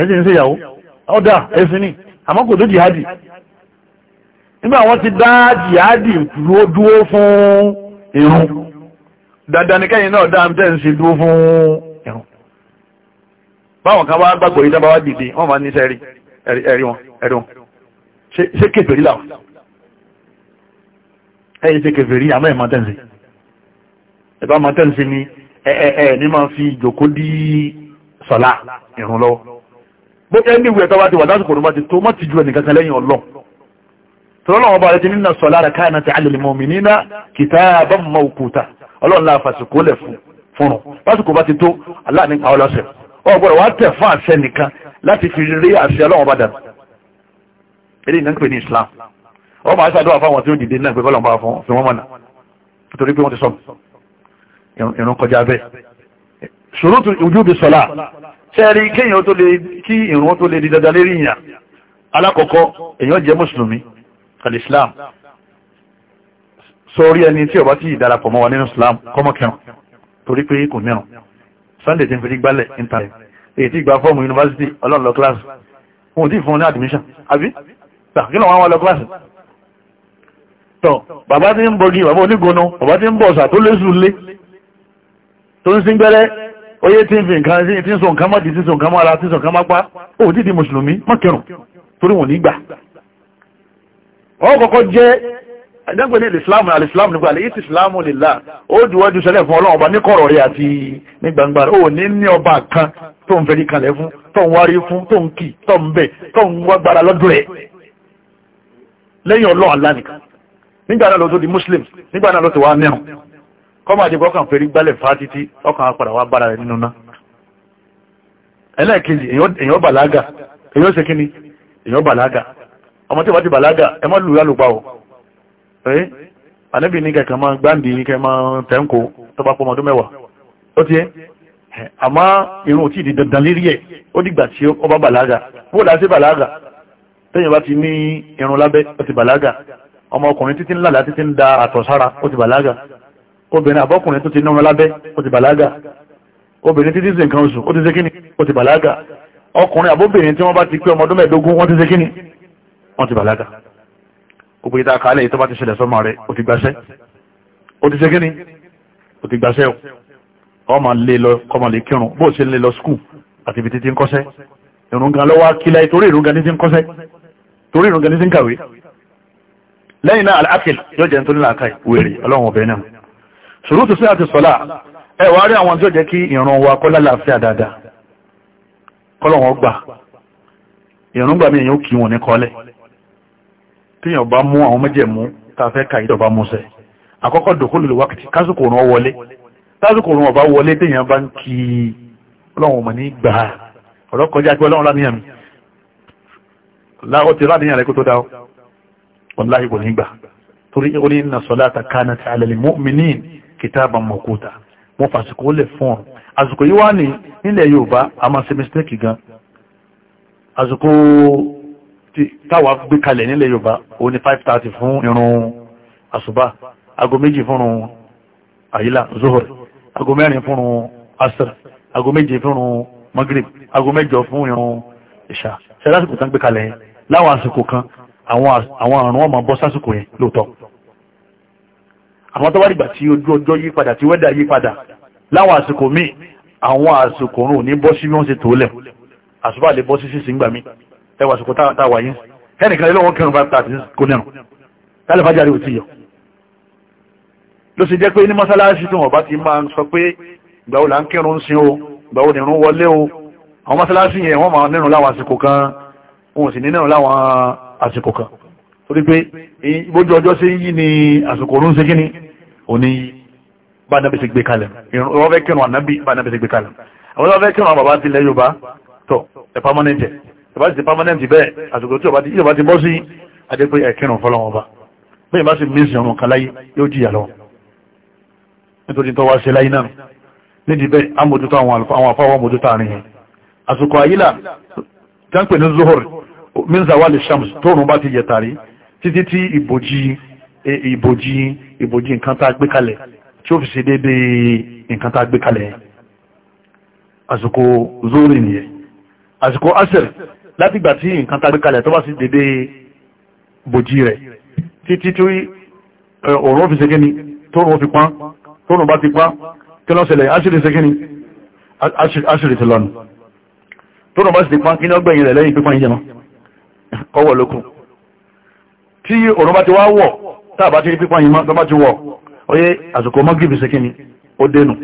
ẹ̀sìn ń ṣèyàwó ọ̀dà ẹ̀sìn ni àmọ́ kò tó jihadi nígbà wọ́n ti dá jihadi dúró fún irun dandan ní kẹ́yìn náà dáa tẹ́ ń ṣe dúró fún irun báwọn kan bá gbàgbọ́ yìí dábàá wá dìde wọ́n máa ní sẹ́rí ẹ̀rí wọn ẹ̀rí wọn ṣé làwọn ẹ̀yìn ṣe kèfèrí àmọ́ ẹ̀ máa tẹ́ ń ṣe ẹ̀ máa tẹ́ ń ṣe ni ẹ̀ ẹ̀ ẹ̀ ní máa fi ìjòkó dí sọ̀lá irun lọ́wọ́ bó ẹni ìwé ẹ̀tọ́ bá ti wà lásìkò ọdún bá ti tó má ti ju ẹnìkankan lẹ́yìn ọlọ́ tọ́lọ́wọ́ bá rẹ̀ ti nínú sọ lára káyà náà ti alẹ́ lèmọ́ mi nínú kìtà bá mọ́ òkúta ọlọ́run láà fàṣìkò lẹ̀ fúnrun lásìkò bá ti tó aláàní pa ọlọ́sẹ̀ ọgbọ̀rọ̀ wá tẹ̀ fún àṣẹ nìkan láti fi rí àṣẹ ọlọ́run bá dànù eré ìnáwó pè ní Islam wọ́n máa ṣàdúrà fáwọn tí ó dìde náà pé kọ́lọ̀ bá fún fi wọ́n mọ̀nà nítorí pé wọ́n ti sọ ìrún kọjá bẹ́ẹ̀ ṣòro ojú sẹ́rí kéèyàn tó lè kí ìrun tó lè di dandan lérí ìyàn alákọ̀ọ́kọ́ èyàn jẹ́ mùsùlùmí al-islam sórí ẹni tí ó bá ti mọ́ wa nínú islam kọ́mọ̀kẹrùn torí pé kò mẹ́rùn sunday ti ń fi gbálẹ̀ intanet èyí tí gba fọ́ọ̀mù yunifásitì ọlọ́ọ̀lọ́ kíláàsì wọn ò tí fún ní admission àbí kí lọ wọn lọ kíláàsì tọ oyé tí ń fi nǹkan sí tí ń so nǹkan mọ́dí tí ń so nǹkan mọ́ra tí ń so nǹkan mápá ó dídí mùsùlùmí mọ́kẹrùn torí wọn nígbà ọkọ̀kọ́ jẹ́ ẹ̀dẹ́gbẹ̀ ní ìsìláàmù alìsìláàmù nígbà àlèyí ìsìláàmù lèlá ó dìwọ́jú sẹ́lẹ̀ fún ọlọ́run ọba ní kọ̀rọ̀ rẹ̀ àti ní gbangba ó ní ní ọba kan tó ń fẹ́rí kalẹ̀ fún tó ń wárí fún tó ń kì tó ń bẹ̀ tó ń wágbára lọ́dún rẹ̀ lẹ́yìn ọlọ́run alánìkan nígbà náà ló tó di muslim nígbà náà ló ti wá mẹ́rùn kọ́mà jẹ́ kọ́kàn fèrí gbálẹ̀ fà títí ọkàn apàdà wá bára rẹ̀ nínú náà ẹlẹ́ẹ̀kejì èyàn bàlágà èyàn ṣe kí ni èyàn bàlágà ọmọ tí wọ́n ti bàlágà ẹ má lù yálùpá o ẹ́ ànábì ní kẹ̀kẹ́ máa gbáǹdì kẹ́ máa tẹ́ǹkó tó bá pọmọdún mẹ́wàá ó ti ẹ́ àmá irun tí ìdí dandan lérí ẹ̀ ó dìgbà tí ó la ṣe da àtọ̀sára ó ti bàlágà obìnrin àbọ́kùnrin tó ti náwó lábẹ́ ó ti bàlágà obìnrin títí sí nǹkan oṣù ó ti ṣe kíni O ti bàlágà ọkùnrin àbóbìnrin tí wọ́n bá ti pé ọmọ ọdún mẹ́ẹ̀ẹ́dógún wọ́n ti ṣe kíni wọ́n ti bàlágà gbogbo ìta kálẹ̀ tó bá ti o ọmọ lè lọ kọmọ lè kírun bó ṣe lè lọ skul àti ibi títí ń kọ́ṣẹ́ ìrùngan lọ́wọ́ akílá torí ìrùngan ní ti ń kọ́ṣẹ́ torí ìrùngan ní ti ń ṣòro tó sí àti sọ́lá ẹ wá rí àwọn tí ó jẹ́ kí ìran wa kọ́lá láàfíà dada kọ́lọ̀ wọn gbà ìran gbà mí èyàn ó kí wọn ní kọ́lẹ̀ tíyàn bá mú àwọn mẹ́jẹ̀mú tá a fẹ́ ka ìdọ̀bá múṣẹ àkọ́kọ́ dòkólù lè wákàtí kásìkò òrùn wọlé kásìkò òrùn ọba wọlé tíyàn bá ń kí ọlọ́run ọmọ ní gbà ọ̀rọ̀ kọjá pé ọlọ́run láníyàn mi torí ó ní inna salata kanat ala al kìtàbà mọ̀kúta wọ́n fàsìkò lè fún ọ̀rọ̀ àsìkò yíwá ní nílẹ̀ Yorùbá a máa ṣe mistake gan àsìkò táwa gbé kalẹ̀ nílẹ̀ Yorùbá o ní 5:30 fún irun àsùbá aago méjì fúnrun àyílà zohor aago mẹ́rin fúnrun asr aago méje fúnrun magrib aago mẹ́jọ fún irun ìṣà ṣe lásìkò tán gbé kalẹ̀ yẹn láwọn àsìkò kan àwọn àrùn ọmọ bọ́ sásìkò yẹn lóòótọ́ àwọn tó wá dìgbà tí ojú ọjọ́ yí padà tí wẹ́dà yí padà láwọn àsìkò míì àwọn àsìkò rùn ní bọ́ sí wọ́n sì tó lẹ̀ àsùbá lè sí sí síngbà mi ẹwà àsìkò táwà yín ẹnìkan ilé wọn kẹrin fàtà àti kò nẹrùn tálẹ̀ fàjáre ò ti yọ ló sì jẹ́ pé ní mọ́sálásí tó wọ́n bá ti máa sọ pé gbàwó là ń kírun sin o gbàwó nìrún wọlé o àwọn mọ́sálásí yẹn wọ́n máa nírun láwọn àsìkò kan wọn ò sì ní nírun láwọn àsìkò kan torí pé ìbójú ọjọ́ sí yí ni àsìkò orún sí kíní òní bá nàbí sí gbé kalẹ̀ ìrọ̀ fẹ́ kírun ànábì bá nàbí sí gbé kalẹ̀ àwọn ọlọ́fẹ́ kírun permanent ẹ̀ bá ti permanent bẹ́ẹ̀ àsìkò tí Yorùbá ti bọ́ sí adé pé ẹ̀kírun fọlọ́wọ́n bá bẹ́ẹ̀ bá sì mísìn ọmọ kan láyé yóò jìyà lọ nítorí tó wá ṣe láyé náà nídìí bẹ́ẹ̀ amójútó shams tóòrùn bá ti yẹ tàrí títí tí ìbòjì e, ìbòjì ìbòjì nǹkan tá a gbé kalẹ̀ tí ó fi ṣe déédéé nǹkan tá a gbé kalẹ̀ àsìkò zóòrì nìyẹn àsìkò asẹ̀rì láti ìgbà tí nǹkan tá a gbé kalẹ̀ tó bá sì déédéé bòjì rẹ̀ títí tí e, òòrùn fi ṣe kí ni tóòrùn fi pán tóòrùn bá ti pán kí ló ṣẹlẹ̀ aṣèrè ṣe kí ti lọ́nu tóòrùn bá sì ti pán kí ni ọgbẹ̀yìn rẹ̀ lẹ́yìn pípán yìí náà kọ́wọ́ lókun tí òrùn bá ti wá wọ̀ tàbá ti rí pípọ́n yìí tó bá ti wọ̀ oyé àsìkò mọ́gìrìbì sí kíni ó dénú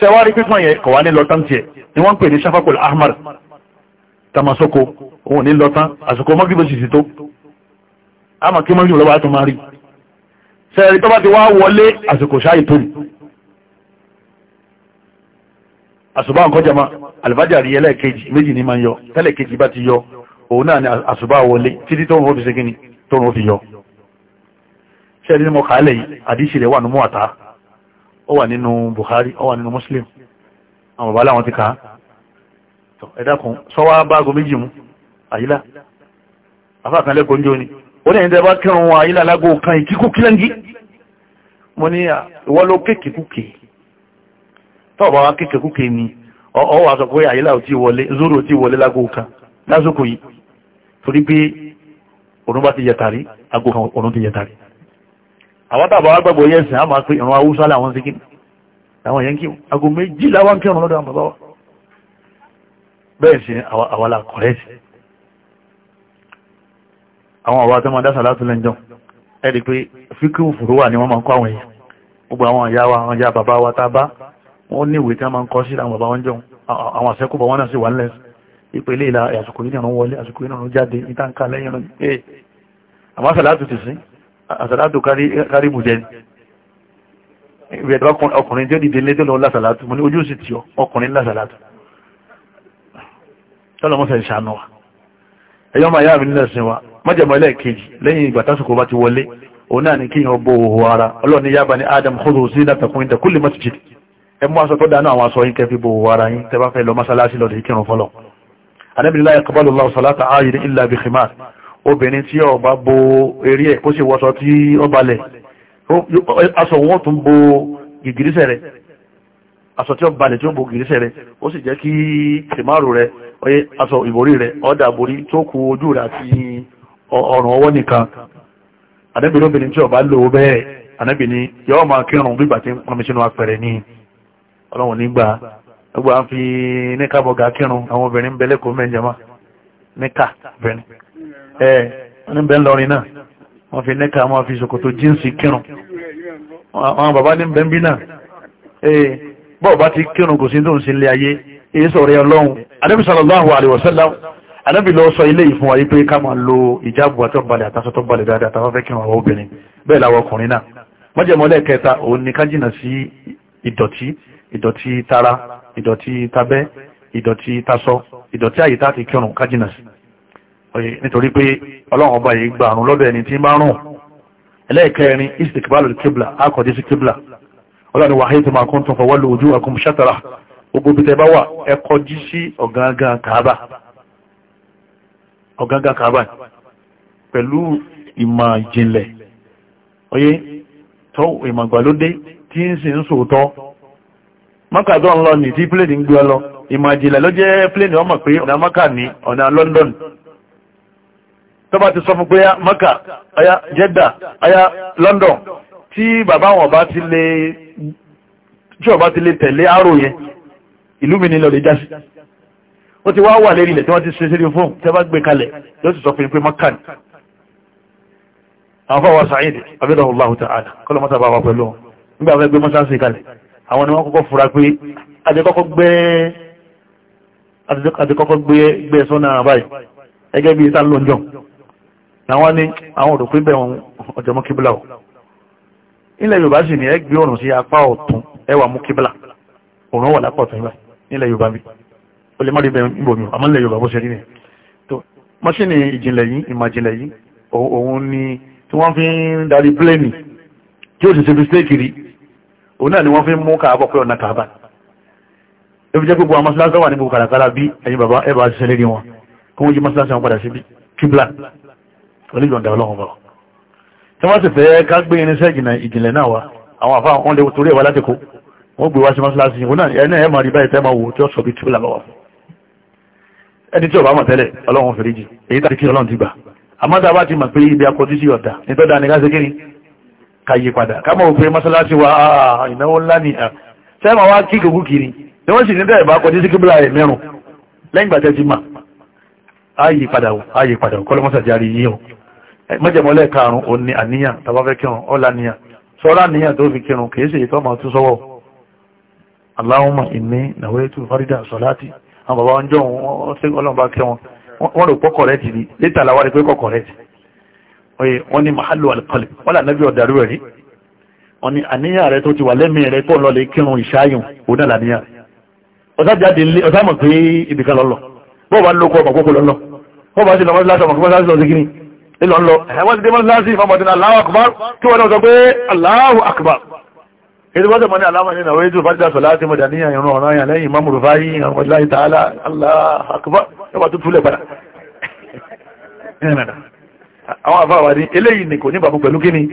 ṣe wá rí pípọ́n yẹn kọ̀wá ní lọ́tán tiẹ̀ ni wọ́n pè ní shafakul ahmar tamasoko òun ní lọ́tán àsìkò mọ́gìrìbì sì tó àmà kí mọ́gìrìbì lọ́wọ́ tó máa rí ṣe rí tó bá ti wá wọlé àsìkò ṣáyì tó ní àsùbá nǹkan jama tó rún fi yọ ṣẹ́rí ní mo kà á lẹ̀ yìí àdíṣì rẹ̀ wà nínú àtà ó wà nínú Bukhari ó wà nínú Muslim àwọn bàbá láwọn ti kà á ẹ dákun sọ́wọ́ báago méjì mú àyílá afákan lẹ́kọ̀ọ́ ní òní ó ní ẹ̀yìn tẹ́ bá kírun àyílá lágbo kan ìkíkú kílẹ́ngí mo ní ìwọ́ ló kéèkéèkúkè tọ́ọ̀bá wa kéèkéèkúkè ni ọwọ́ àsọ̀kọ́ àyílá ò tí wọlé zoro ò tí wọlé lágbo kan lásìkò yìí torí pé òun bá ti yẹ tàrí ago kan òun ti yẹ tàrí àwọn tàbà agbàgbọ́ yẹn sìn a máa pé ìran haúsá làwọn sí kíni làwọn yẹn kí ago méjì láwọn kí ọ̀run lọ́dọ̀ àwọn bàbá wa bẹ́ẹ̀ sí àwa la kọ̀rẹ́ sí àwọn àwa tó máa dásà látúlẹ̀ jọ ẹ di pé fíkú fùrúwà ni wọ́n máa ń kọ́ àwọn èèyàn gbogbo àwọn ìyá wa àwọn ìyá bàbá wa a bá wọ́n ní ìwé tí wọ́n máa ń kọ́ sí àwọn bàbá wọn ìpele ìlà àsìkò yìí náà wọlé àsìkò yìí náà jáde ìtànkà lẹ́yìn rẹ̀ ee eh, àmọ́ àsàlátù ti sí àsàlátù kárí bùjẹ́ ìbẹ̀dọ̀ ọkùnrin tí ó dìde lédè lọ lásàlátù mo ní ojú sì tí ọ ọkùnrin lásàlátù tọ́lọmọ́sẹ̀ ìṣànà wa ẹ̀yọ́ máa yára mi nílẹ̀ sin wa májẹ̀mọ́ ẹlẹ́ẹ̀kejì lẹ́yìn ìgbà tásìkò bá ti wọlé òun náà ní adam khudu zinatakum inda kulli masjid ẹ mú aṣọ tó dáná àwọn aṣọ yín kẹfí bó òhò ara anábìlá ẹ̀kọ́bọ́lù lọ́wọ́ sọ̀látà ayìdí ilẹ̀ bí khimar obìnrin tí ó bá bo eré ẹ̀ kó sì wọ́sọ tí ó balẹ̀ aṣọ wọn tún bo gìgìrísẹ̀ rẹ̀ aṣọ tí ó balẹ̀ tí ó bo gìgìrísẹ̀ rẹ̀ ó sì jẹ́ kí khimaru rẹ̀ oye aṣọ ìborí rẹ̀ ọ̀dà borí tó kù ojú rẹ̀ àti ọ̀rùn ọwọ́ nìkan anábìlá obìnrin tí ó bá lò bẹ́ẹ̀ anábìlá yọ́ gbogbo àwọn fi níkà bọ̀gà kírun àwọn obìnrin ń bẹ lẹ́kọ̀ọ́ mẹ́jẹ̀má níkà bẹ̀rẹ̀ ẹ̀ níbẹ̀ ńlọrin náà wọ́n fi níkà wọ́n fi ṣòkòtò jíǹsì kírun àwọn bàbá ní bẹ́ńbí náà ee bọ́ọ̀ bá ti kírun kò sí tó ń ṣe ilé ayé èyí sọ̀rọ̀ ọlọ́run anábì sallallahu alaihi wasallam anábì lọ sọ ilé ìfún wa yí pé ká máa lo ìdọ̀tí tara ìdọ̀tí tabẹ́ ìdọ̀tí tasọ ìdọ̀tí àyíká ti kírun kájínà sí nítorí pé ọlọ́run ọba yìí gba àrùn lọ́dọ̀ ẹni tí ń bá rùn ẹlẹ́ẹ̀kẹrin istikbalu kibla akọ̀dé sí kibla ọlọ́run wa haythu ma kuntum fawallu wujuhakum shatara gbogbo bí tẹ bá wà ẹ kọjú sí ọ̀gángan kàábà ọ̀gángan kàábà pẹ̀lú ìmọ̀ ìjìnlẹ̀ oyé tó ìmọ̀ ìgbàlódé tí ń sì ń sòótọ́ mọ́kà don ń lọ ní tí pléènì ń gbé ọ lọ ìmọ̀ àjìlẹ̀ ló jẹ́ pléènì ọmọ pé ọ̀nà London tó bá ti sọ fún pé mọ́kà ọya Jeddah aya London tí bàbá wọn bá ti lè tí ọba ti lè tẹ̀lé àrò yẹn ìlú mi ní lọ lè já sí ó ti wá wà lérí ilẹ̀ tí wọ́n ti ṣe sírí fóònù tí a bá gbé kalẹ̀ yóò ti sọ fún pé mọ́kà ní àwọn fọwọ́ sàáyìdì abẹ́dọ̀hùn láhùtà àdà kọ́lọ́mọ́ta bá wà pẹ̀lú nígbà fẹ́ gbé mọ́sáàsì kalẹ̀ àwọn ni wọ́n kọ́kọ́ fura pé adẹ́kọ́kọ́ gbé ẹ̀sọ́ náà báyìí ẹgẹ́ bí ìta lọ́njọ́ àwọn ni àwọn òdòkú ibẹ̀ wọn ọjọ́ mú kíbílà ọ̀ ilẹ̀ Yorùbá sì ní ẹgbẹ́ ọ̀rùn sí apá ọ̀tún ẹwà mú kíbílà òrùn wà lápá ọ̀tún ibà nílẹ̀ Yorùbá bí o lè má rí bẹ ibòmí àmọ́ nílẹ̀ Yorùbá bó ṣe rí ni tó òun náà ni wọ́n fi mú káàbọ̀ pé ọ̀nà káàbà ẹ fi jẹ́ gbogbo àwọn mọ́sálásí wà ní gbogbo kàràkàrà bí ẹ̀yin bàbá ẹ̀bà ṣiṣẹ́ lérí wọn kí wọ́n yí mọ́sálásí wọn padà sí kíblà onígbọ̀ndà ọlọ́run bọ̀ tí wọ́n sì fẹ́ ká gbé irinṣẹ́ ìjìnlẹ̀ náà wá àwọn àfa wọn lè torí ẹ̀wà láti kó wọ́n gbé wá sí mọ́sálásí òun náà ẹ̀ náà ẹ̀ káyé padà kámọ̀ òpé mọ́sálásí wa ah, ah, ìnáwó ńlá ní à sẹ́mà wá kí gbogbo kiri ni wọ́n sì ní bẹ́ẹ̀ bá kọjú sí kíbílà rẹ̀ mẹ́rùn lẹ́yìngbàtẹ́ ti mà áyì padà ò áyì padà ò kọ́lọ́mọ́sà járe yí o mọ́jẹ̀mọ́lẹ̀ karùn-ún ò ní àníyàn tàbáfẹ́ kírun ọ̀la níyàn sọ́ra níyàn tó fi kírun kìí sì tó máa tún sọ́wọ́ Allahumma farida salati àwọn bàbá wọn jọ wọn ṣe ọlọ́run bá kẹ́ wọn wọn rò pọ́kọ̀rẹ́tì ni létà làwọn rí pé kọ̀kọ̀rẹ́tì oye wọ́n ní mahalu alkọlẹ̀ wọ́n lànàbí ọ̀dàrú ẹ̀rí wọ́n ní àníyàn rẹ̀ tó ti wà lẹ́mí rẹ̀ pọ̀ lọ́lẹ̀ kírun ìṣáyùn òun náà làníyàn ọ̀sájáde ilé ọ̀sámọ̀ pé ibìkan lọ́lọ́ bọ́ọ̀ bá ń lókọ́ ọmọ kókó lọ́lọ́ bọ́ọ̀ bá sì lọ mọ́síláṣí ọmọ mọ́síláṣí lọ sí kíní ilọ̀ ńlọ ẹ̀wọ́n ti dé mọ́síláṣí ìfọmọ̀dé Allahu akbar kí wọ́n náà sọ pé àwọn àfáwà ní eléyìí ni kò ní bàbú pẹ̀lú kíni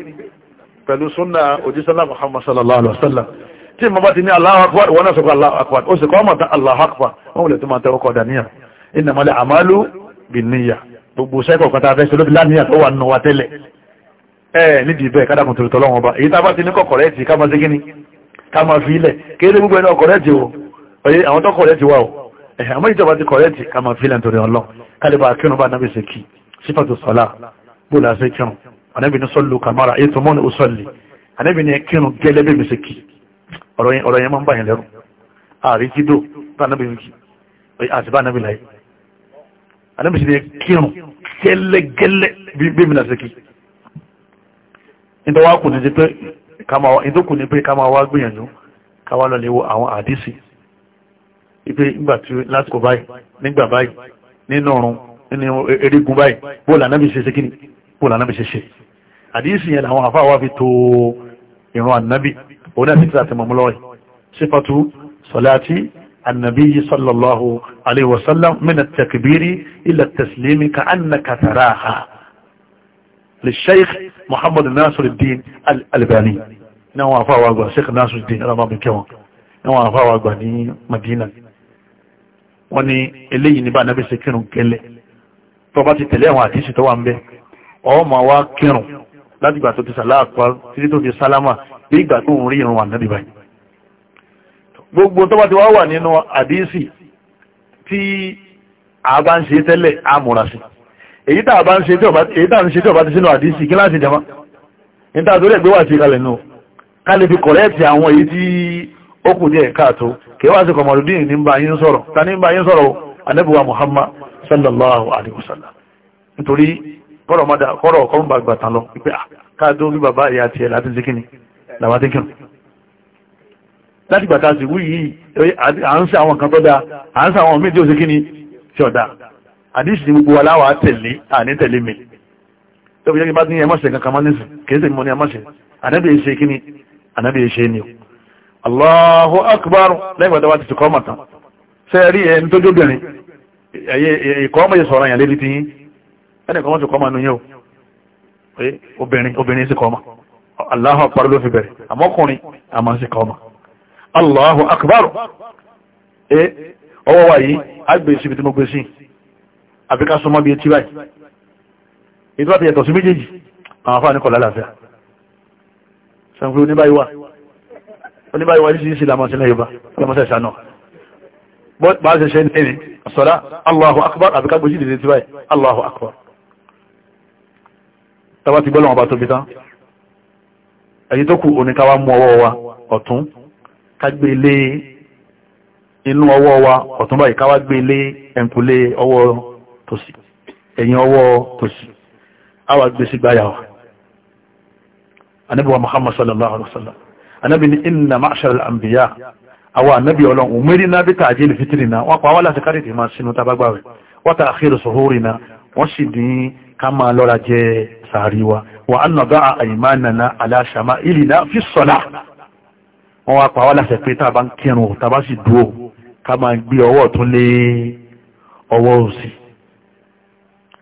pẹ̀lú súnà òjísọ́lá muhammad sallallahu alaihi wasallam tí mo bá ti ní Allahu akbar wọ́n náà sọ pé Allahu akbar ó sì kọ́ mọ̀ta Allahu akbar wọ́n wùlẹ̀ tó máa tẹ́ ọkọ̀ dàníyà innamal a'malu binniyah gbogbo sẹ́kọ̀ kọta fẹ́ sọlọ́bí láníyà tó wà nù wa tẹ́lẹ̀ ẹ nídìí bẹ́ẹ̀ kádàkùn tó tọ́lọ́ wọn bá èyí tá a bá ti ní bóòlà ṣe kírun ànábì ní sọ́lù kàmárà èyí tó mọ́ni òṣọ́lì ànábì ní kírun gẹ́lẹ́ bí mèsì kì ọ̀rọ̀ yẹn máa ń bàyàn lẹ́rù ààrí jídò bá ànábì ń kì àti bá ànábì láyé ànábì sì ní kírun gẹ́lẹ́gẹ́lẹ́ bí mi ipe nígbà tí lásìkò báyìí nígbà báyìí nínú ọ̀run nínú erigun báyìí bóòlù ànábì ṣe ṣe kíni bóòlù anábì ṣe ṣe àdíyèsí yẹn làwọn àfáà wá fi tó ìran ànábì òun àti títà àti mọ̀mọ́lọ́ rẹ̀ sífàtú sọ̀láàtì ànábì sallallahu alayhi wa sallam min at-takbiri ila at-taslimi ka annaka taraha lè sheikh muhammad nasiruddin al-albani ní àwọn àfáà wá gbà sheikh nasiruddin alamami kẹwọn ní àwọn àfáà wá gbà ní madina wọ́n ní eléyìí ní bá ànábì ṣe kírun gẹ́lẹ́ tó ti tẹ̀lé àwọn àdíṣì tó wà ń bẹ́ẹ̀ ọmọ wa kírun láti gbà tó ti sàláàpá títí tó fi sálámà bí ìgbà tó ń rí wà báyìí gbogbo tó bá ti wà nínú àdísì tí a bá ń ṣe tẹ́lẹ̀ àmúra sí èyí tàà bá ṣe tí ọba ti sínú kí láti jama ní tàà wà sí náà ká lè fi kọ̀rẹ́ẹ̀tì àwọn èyí tí ó kù díẹ̀ káàtó kẹwàá sí kọmọdúdín ní kọ́rọ̀ ọmọdé kọ́rọ̀ ọkọ̀ ń bá lọ pípẹ́ ah, káàdó rí bàbá ìyá tiẹ̀ láti ṣe kíni làwọn ti láti gbà tá a à ń àwọn kan à ń àwọn kíni tí ni gbogbo aláwà tẹ̀lé àní tẹ̀lé mi tó fi jẹ́ kí bá ti kankan o Allahu akbar lẹ́yìn gbàdá wa ti kọ́ mọ̀ tán ṣe rí ẹni tó jóbìnrin ẹ̀yẹ ìkọ́ mọ̀ yẹ sọ̀rọ̀ yẹn ẹnìkan wọ́n ti kọ́ ma nu yẹn o obìnrin obìnrin sí kọ́ ma Allahu akbar ló fi bẹ̀rẹ̀ àmọ́kùnrin àmọ́ sí kọ́ ma Allahu akbar ọwọ́ wa yìí agbè síbi tí mo gbé sí àbí ká súnmọ́ bí etí báyìí ètò àti ẹ̀tọ̀ sí méjèèjì àwọn afáà ní kọ̀ lálàáfíà sàǹkúrú oníbáyíwá oníbáyíwá yìí sí sí làmọ́ sílẹ̀ yorùbá lọ́mọ́sẹ̀ sànà bọ́ ẹni sọ́lá Allahu akbar àbí ká gbé sí báyìí Allahu akbar tàbá ti gbọ́lọ̀wọ̀n bá tóbi tán èyí tó kù oníkáwá mú ọwọ́ wa ọ̀tún ká gbé lé inú ọwọ́ wa ọ̀tún báyìí káwá gbé lé ẹ̀ǹkùlé ọwọ́ tòsì ẹ̀yìn ọwọ́ tòsì àwa gbé sí gbáyà muhammad sallallahu alaihi wasallam anábí ni inna ma'ashar al-anbiya àwọn anábí ọlọ́run òmìnirí náà bí tààjílì fitiri náà wọ́n pa wá láti kárí ìdí máa sì dín ká máa lọ́ra jẹ́ sàárì wa wà á nà bá àìmánana aláṣàmá ìlìnà fi sọ̀lá wọ́n wá pa wá láṣẹ pé tá a bá ń kírun tá a bá sì dúró ká máa gbé ọwọ́ ọ̀tún lé ọwọ́ òsì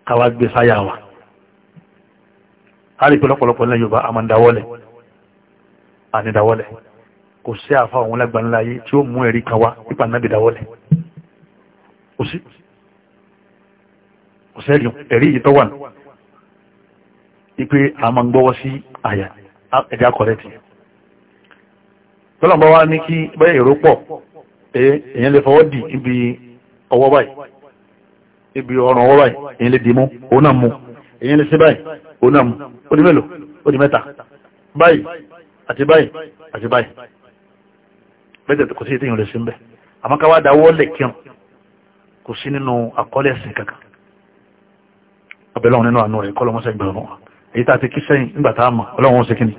ká wá gbé sáyà wa a rí pé lọ́pọ̀lọpọ̀ Yorùbá a máa ń dáwọ́lẹ̀ kò sí àfa òun lágbàńlá tí ó mú ẹ̀rí kan wá náàbì dáwọ́lẹ̀ kò sí ẹ̀rí ìtọ́wà ipe a máa ń gbọ́wọ́ sí àyà ẹ̀dá kọ̀rẹ́tì tọ́lọ̀mọ́ wá ní kí bẹ́ẹ̀ èrò pọ̀ èyàn lè fọwọ́ dì ibi ọwọ́ báyìí ibi ọrùn ọwọ́ báyìí èyàn lè dìímú òun náà mú èyàn lè sí báyìí òun náà mú ó di mélòó ó di mẹ́ta báyìí àti báyìí àti báyìí bẹ́ẹ̀ kò sí ìtìyàn èyí tá ti kí sẹ́yìn nígbà tá a mọ̀ ọlọ́run ṣe kíni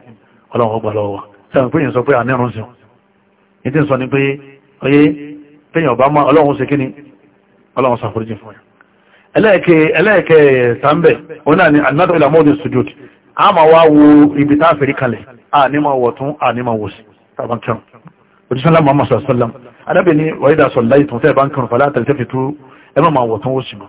ọlọ́run ọgbà lọ́wọ́ wa sẹ́yìn pé èyàn sọ pé ànírun sí ní tí ń sọ ni pé ọyé téèyàn bá mọ̀ ọlọ́run ṣe kíni ọlọ́run ṣàforíjì fún yàn ẹlẹ́ẹ̀kẹ́ ẹlẹ́ẹ̀kẹ́ sàmbẹ̀ òun náà ni anadu ilamodi sujud a máa wá wo ibi tá a fèrè kalẹ̀ a ní máa wọ̀ tún a ní máa wò sí tàbán kẹrùn òjísọ́lá muhammad sallallahu alaihi wasallam adábìnrin wàídà sọ̀láìtún tẹ́ẹ̀bá ń kẹrùn fàlátàlítẹ́fẹ̀tú ẹ máa wọ̀ tún wò sí mọ́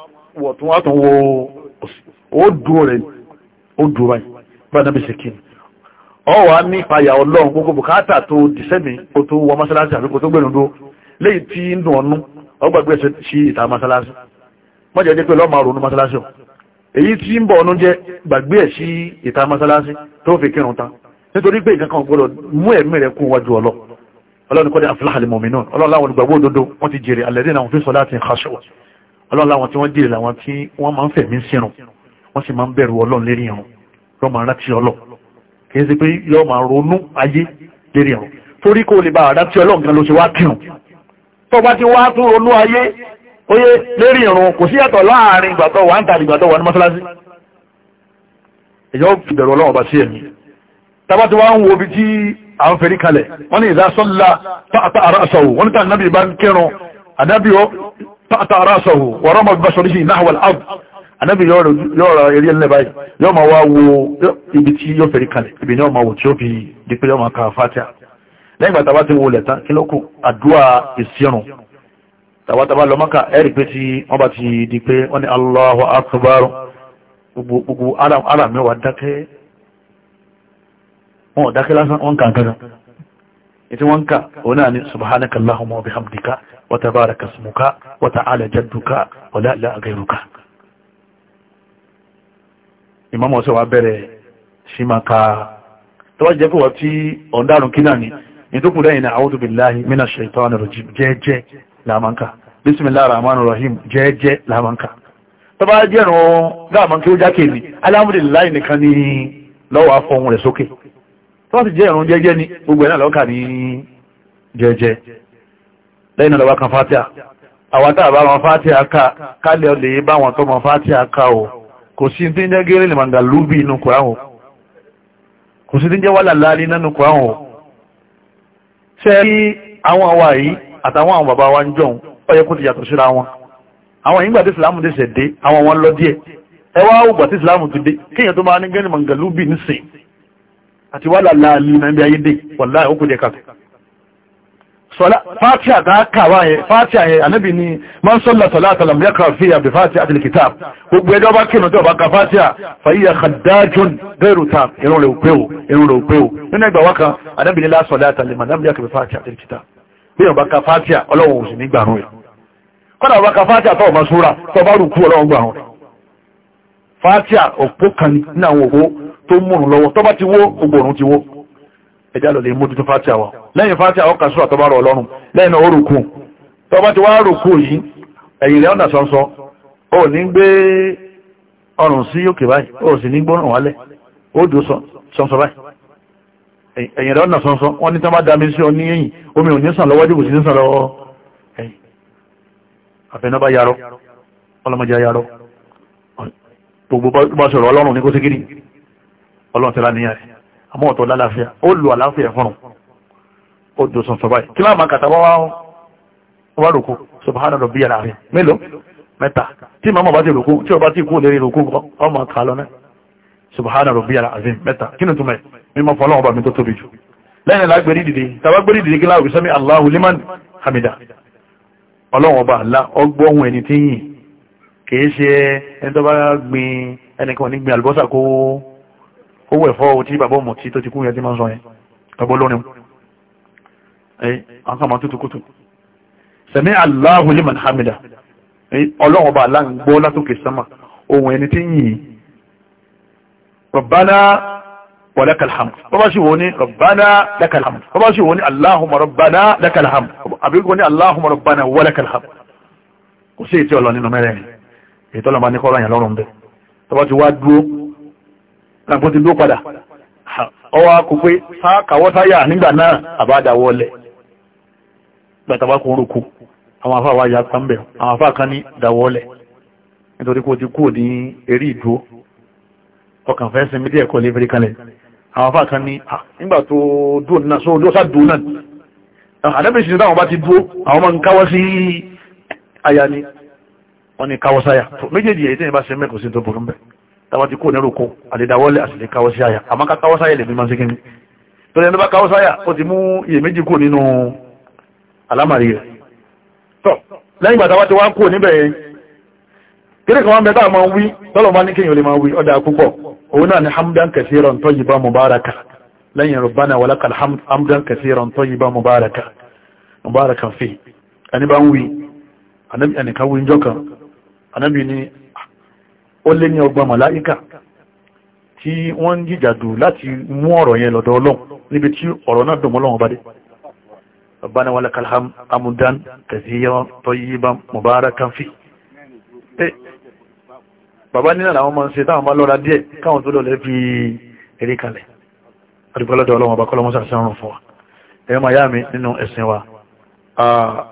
wọ̀ tún wá tún wo ó dúró rẹ̀ ó dúró báyìí bá nàbí ṣe kíni ọ wà ní ìpayà ọlọ́run gbogbo bùkátà tó dìsẹ́mi ó tó wọ mọ́sálásí àbíkó tó gbẹ̀rún dó léyìí tí ń dùn ọ̀nú ọgbàgbé ẹsẹ̀ sí ìta mọ́sálásí mọ́jẹ̀ jẹ́ pé lọ́ọ́ máa ronú mọ́sálásí ọ̀ èyí tí ń bọ̀ ọ̀nú jẹ́ gbàgbé ẹ̀ sí ìta mọ́sálásí tó fi kírun ta nítorí pé nǹkan kan gbọ́dọ̀ mú ẹ̀mí rẹ̀ kún wájú ọlọ́ ọlọ́run kọ́ni aflahal mu'minun ọlọ́run láwọn olùgbàgbọ́ òdodo wọ́n ti jèrè alladhina hum fi ọlọ́run láwọn tí wọ́n jèrè làwọn tí wọ́n máa ń fẹ̀mí sírun wọ́n sì máa ń bẹ̀rù ọlọ́run lérí ẹ̀rùn yọ́ máa rántí ọlọ́ kìí ṣe pé yọ́ máa ronú ayé lérí ẹ̀rùn torí kó lè bá àdántí ọlọ́run kan ló ṣe wá kírun tó bá ti wá tún ronú ayé oyé lérí ẹ̀rùn kò sí yàtọ̀ láàrin ìgbà tó wà ń tàbí ìgbà tó wà ní mọ́sálásí èyí ó fi bẹ̀rù ọlọ́run bá sí ẹ̀mí tàbá ti wá ń wo ibi tí à ń fẹ́rí kalẹ̀ wọ́n ní ìdásọ́lá tá àrà àṣàwò wọ́n ní tàn nábì bá ń kírun àdábì tààtà aráṣọ̀wò wọ̀rọ̀ mọ̀ bíbáṣọ́ oríṣìí náhàwà al'adu anábì yọ́ra eré ẹlẹ́ báyìí yọ́ ma wá wo ibi tí yóò fẹ̀rí kalẹ̀ ibi ni yọ́ ma wò tí ó fi di pé yọ́ ma ka fatiha lẹ́yìn gbà tàbá ti wo lẹ̀ta kí lókù àdúrà ìsirun tàbá tàbá lọ mọ́ka ẹ̀rì pé tí wọ́n ìtí wọ́n ká òun náà ni subhanaka allahumma wa bihamdika wa tabaraka ismuka wa ta'ala jadduka wa la ilaha ghayruka imam ọ̀sẹ̀ wa bẹ̀rẹ̀ sí máa ka tó bá jẹ́ pé wọ́n tí ọ̀ndàrún kí náà ni ìdókùn lẹ́yìn náà a'udhu billahi minash shaitanir rajim jẹ́ẹ́jẹ́ làmánká bismillahir rahmanir rahim jẹ́ẹ́jẹ́ làmánká tó bá jẹ́ rán gáàmán kí ó jákè ní alhamdulillahi nìkan ní lọ́wọ́ afọ́ ohun rẹ̀ sókè tó sì jẹ́ ìrun jẹ́jẹ́ ni gbogbo ẹ̀nà lọ́kà ní jẹ́jẹ́ lẹ́yìn ọ̀dọ̀wà kan fátíà àwátà àbá wọn fátíà ká kálẹ̀ ọ̀lẹ̀ bá wọn tó mọ fátíà ká o kò sí tí ń jẹ́ gẹ́rẹ́ lè màǹgà lúbì inú kùráhùn kò sí tí ń jẹ́ wà láàrín nínú kùráhùn ṣe rí àwọn àwa yìí àtàwọn àwọn bàbá wa ń jọun àti wà láàrin náà bí ayé dé wàláhì ó kù dẹ̀ kàtù fatiha ta kàwà yẹ fatiha yẹ anábì ni man sọ́lá sọ́látà lam yaqra fiha bi fatiha àti alkitab gbogbo ẹjọ́ bá kínú tí ọba ka fatiha fa hiya khaddajun ghayru tab irun rẹ̀ òpéwò irun rẹ̀ òpéwò nínú ẹgbà wákan anábì ni la sọ́látà liman lam yaqra bi fatiha àti alkitab bí ọba ka fatiha ọlọ́wọ̀n òsì ní gbàrún rẹ̀ kọ́nà ọba tó múrùn lọ́wọ́ tó bá ti wó gbogbo òrùn ti wó ẹjá lọ lè mójútó fátíà wa lẹ́yìn fátíà ọkà sùúrà tó bá rọ̀ ọlọ́run lẹ́yìn náà ó rùkú tó bá ti wá rùkú yìí ẹ̀yìn rẹ̀ ọ̀nà sọ́nsọ́ ó ní gbé ọrùn sí òkè báyìí ó sì ní gbọ́rùn wálẹ̀ ó dùn sọ́nsọ́ báyìí ẹ̀yìn rẹ̀ ọ̀nà sọ́nsọ́ gbogbo bá sọ̀rọ̀ ọlọ́run ní kó sí kiri ọlọ́run tẹ́lá níyàn rẹ̀ àmọ́ ọ̀tọ̀ lálàáfíà ó lù àlàáfíà fún un ó dùn sọ̀tọ̀ báyìí kí láàmà kàtà wá wá rùkú subhana rabbi alaafin mélòó mẹ́ta tí màmá bá ti rùkú tí ọba ti kú lérí rùkú ọmọ kà lọ náà subhana rabbi alaafin mẹ́ta kí ni túmọ̀ mímọ́ fọlọ́ ọba mi tó tóbi jù lẹ́yìn lágbèrí owó ẹ̀fọ́ owó tí bàbá ọmọ tí tó ti kú yẹn tí máa ń sọ yẹn bàbá olórin ẹ̀ àkàmà tó tukútù sẹ̀mí Allahu liman hamida ọlọ́run bá aláǹgbọ́ látòkè sánmà ohun ẹni tí yìí Rabbana wa lakal hamd bọ́bá sì wọ́n ní Rabbana lakal hamd bọ́bá sì wọ́n ní Allahumma Rabbana lakal hamd àbíkò ní Allahumma Rabbana wa lakal hamd kò sí ètò ọlọ́ nínú mẹ́rẹ̀ẹ́rin ètò tàbí ti ló padà ọwọ́ kò pé sáàkàwọ́ táyà nígbà náà àbádàwọlẹ̀ gbàtàwà kò rúkú àwọn afá wa ya pàmbẹ̀ àwọn afá kan ní dàwọlẹ̀ nítorí kò ti kú ní eré ìdúró ọkàn fẹ́ sinmi díẹ̀ kọ́ lébi kalẹ̀ àwọn afá kan ní ah, nígbà tó dùn náà sóò lọ́sà ni wọ́n ní káwọ́ sáyà méjèèjì èyí tí ìbá ṣe mẹ́kọ̀ọ́ sí tàbá ti kó ní rúkú àdìdáwọ́lẹ̀ àti lè káwọ́ sí àyà àmọ́ ká káwọ́ sáyà lè mímọ́ sí kíní tó lẹ́nu bá káwọ́ sáyà ó ti mú iyèméjì kó nínú alámàrí rẹ̀ tọ́ lẹ́yìn ìgbà tàbá ti wá kó níbẹ̀ yẹn kéré kan wá mẹ́ta máa wí tọ́lọ̀ bá ní kéèyàn lè máa wí ọ̀dà púpọ̀ òun náà ni hamdan kathiran tayyiban mubaraka lẹ́yìn rabbana walakal hamd hamdan kathiran tayyiban mubaraka mubaraka fi ẹni bá ń wí ẹnìkan wí ń jọ kan ó lé ní ọgbà màláíkà tí wọ́n ń jìjàdù láti mú ọ̀rọ̀ yẹn lọ́dọ̀ ọlọ́run níbi tí ọ̀rọ̀ náà dùn mọ́lọ́run bá dé Rabbana amudan kathiran tayyiban mubarakan fi bàbá nílẹ̀ àwọn ọmọ ṣe táwọn bá lọ́ra díẹ̀ káwọn tó lọ́lẹ́ fi eré kalẹ̀ adúgbọ́lọ́dọ̀ ọlọ́run ọba kọ́lọ́mọ́sà sọ́run fún wa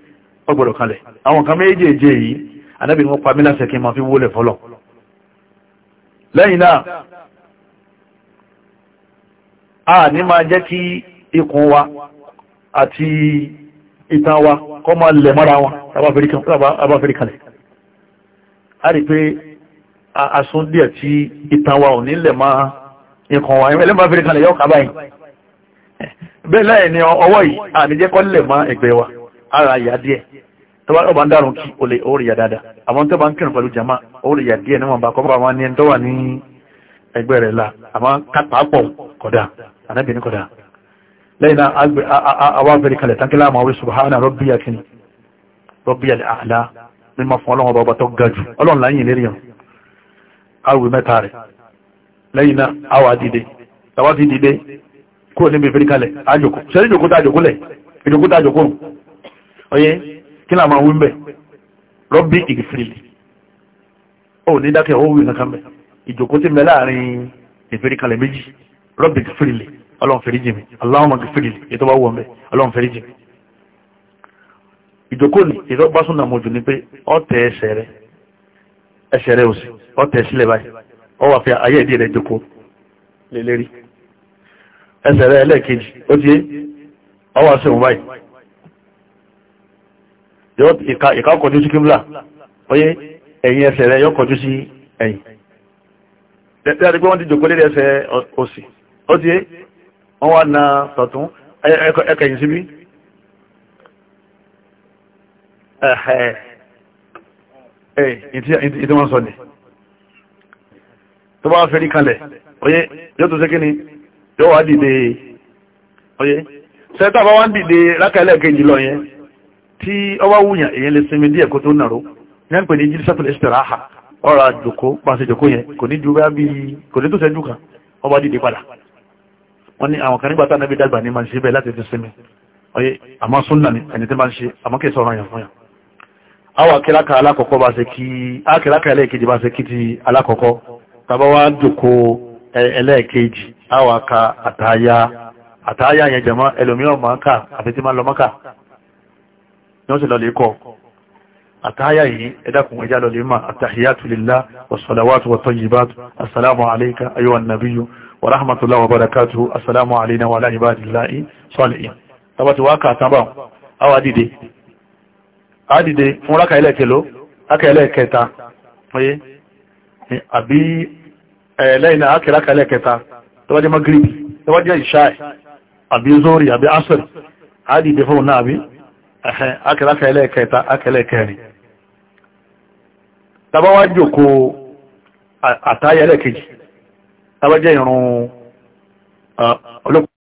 ọgbọ̀dọ̀ kalẹ̀ àwọn kan méjèèjì yìí anábì wọn pa mí láṣẹ kí fi wólẹ̀ fọlọ̀ lẹ́yìn náà a ní máa jẹ́ kí ikùn wa àti ìtàn wa kọ́ máa lẹ̀ mọ́ra wọn abáfẹ́rí kalẹ̀ a rí pé asún díẹ̀ tí ìtàn wa ò ní lẹ̀ máa ikùn wa ẹlẹ́mọ̀ abáfẹ́rí kalẹ̀ yọ́ kábáyìn bẹ́ẹ̀ láì ní ọwọ́ yìí a ní máa ẹgbẹ́ wa ara ìyá díẹ̀ tọ́wọ́ ọba ń dárùn kí o lè orí ya dáadáa àwọn tó bá ń kírun pẹ̀lú jama orí ya díẹ̀ níwọ̀nba kọ́ bá wọn ní ẹni tó wà ní ẹgbẹ́ rẹ̀ la àwọn kápápọ̀ kódà ànábì ní kódà lẹ́yìn náà àwọn abẹ́rẹ́ kalẹ̀ tánkìlá àmọ́ wí subhana rọ́bíyà kìíní rọ́bíyà àlá mímọ́ fún ọlọ́run ọba tó ga jù ọlọ́run láyìn kí ni a máa wí mbẹ rọ́bì ìgìfìlì ó ní dákẹ́ ó wí kankan mbẹ ìjòkó ti mbẹ láàrin ìfẹ́ríkalẹ̀ méjì rọ́bì ìgìfìlì ọlọ́run fẹ́rí jìmì aláwọn ìgìfìlì ètò bá wọ̀ mbẹ ọlọ́run fẹ́rí jìmì ìjòkó ni ìtọ́ bá súnà mọ́jú ni pé ọ tẹ ẹsẹ̀ rẹ ẹsẹ̀ rẹ òsì ọ tẹ sílẹ̀ báyìí ọ wà fi ayé ìdí ẹsẹ̀ rẹ ẹlẹ́ẹ̀kejì ó ti ọ wà sí òun báyìí ìka ọkọ̀jú sí kíbla oyé ẹ̀yìn ẹsẹ̀ rẹ̀ yóò kọjú sí ẹ̀yìn lẹ́yìn pé wọ́n ti jòkó lérí ẹsẹ̀ òsì ó ti wọ́n wá na tọ̀tún ẹkẹ̀yìn síbí ẹ̀ẹ̀ ìtí wọ́n sọ ní tó bá fẹ́ rí kalẹ̀ oyé yóò tó sékí ni yóò wá dìde oyé sẹ́tà bá wá ń dìde lákàlẹ̀ kejì lọ yẹn tí ọwá wùyàn èyàn lè sinmi díẹ̀ kó tó nàró ní ẹ̀pẹ̀ ní jírísàtò ìstìráhà ọ̀rọ̀ àjòkó pàṣẹ jòkó yẹn kò ní ju bá bí kò ní tó sẹ́jú kan ọba dìde padà wọ́n ní àwọn kan nígbà tá nàbí dàgbà ni ẹni tí máa ń ṣe àmọ́ kì í sọ̀rọ̀ yàn fún yàn àwọn akẹ́láka alákọ̀ọ́kọ́ bá ṣe kí akẹ́láka ẹlẹ́ẹ̀kejì bá ṣe kí ti alákọ̀ọ́kọ́ tàbá yẹn jẹ̀mọ́ ẹlòmíràn máa ń kà máa lọ mọ́kà ni wọ́n sì lọlé kọ́ àtàyà yìí ẹ̀dàkùn ẹjá lọlé máa àtàhíyàtù lillah wàsàlàwàtù wàtọ́yìbàtù assalamu alaika ayyuha nabiyu wa rahmatullahi wa barakatuhu assalamu alaina wa ala ibadillahi salihin tabati wa ka taba awa dìde a dìde fún raka ile kelo aka ile kẹta oye àbí lẹ́yìn aka raka ile zori àbí asr a fún náà àbí akẹ́lákẹ́ ẹlẹ́ẹ̀kẹta akẹ́lẹ́kẹrin tàbáwá jòkó àtàyẹ ẹlẹ́ẹ̀kejì tàbájẹ́ ìrún ọlọ́pàá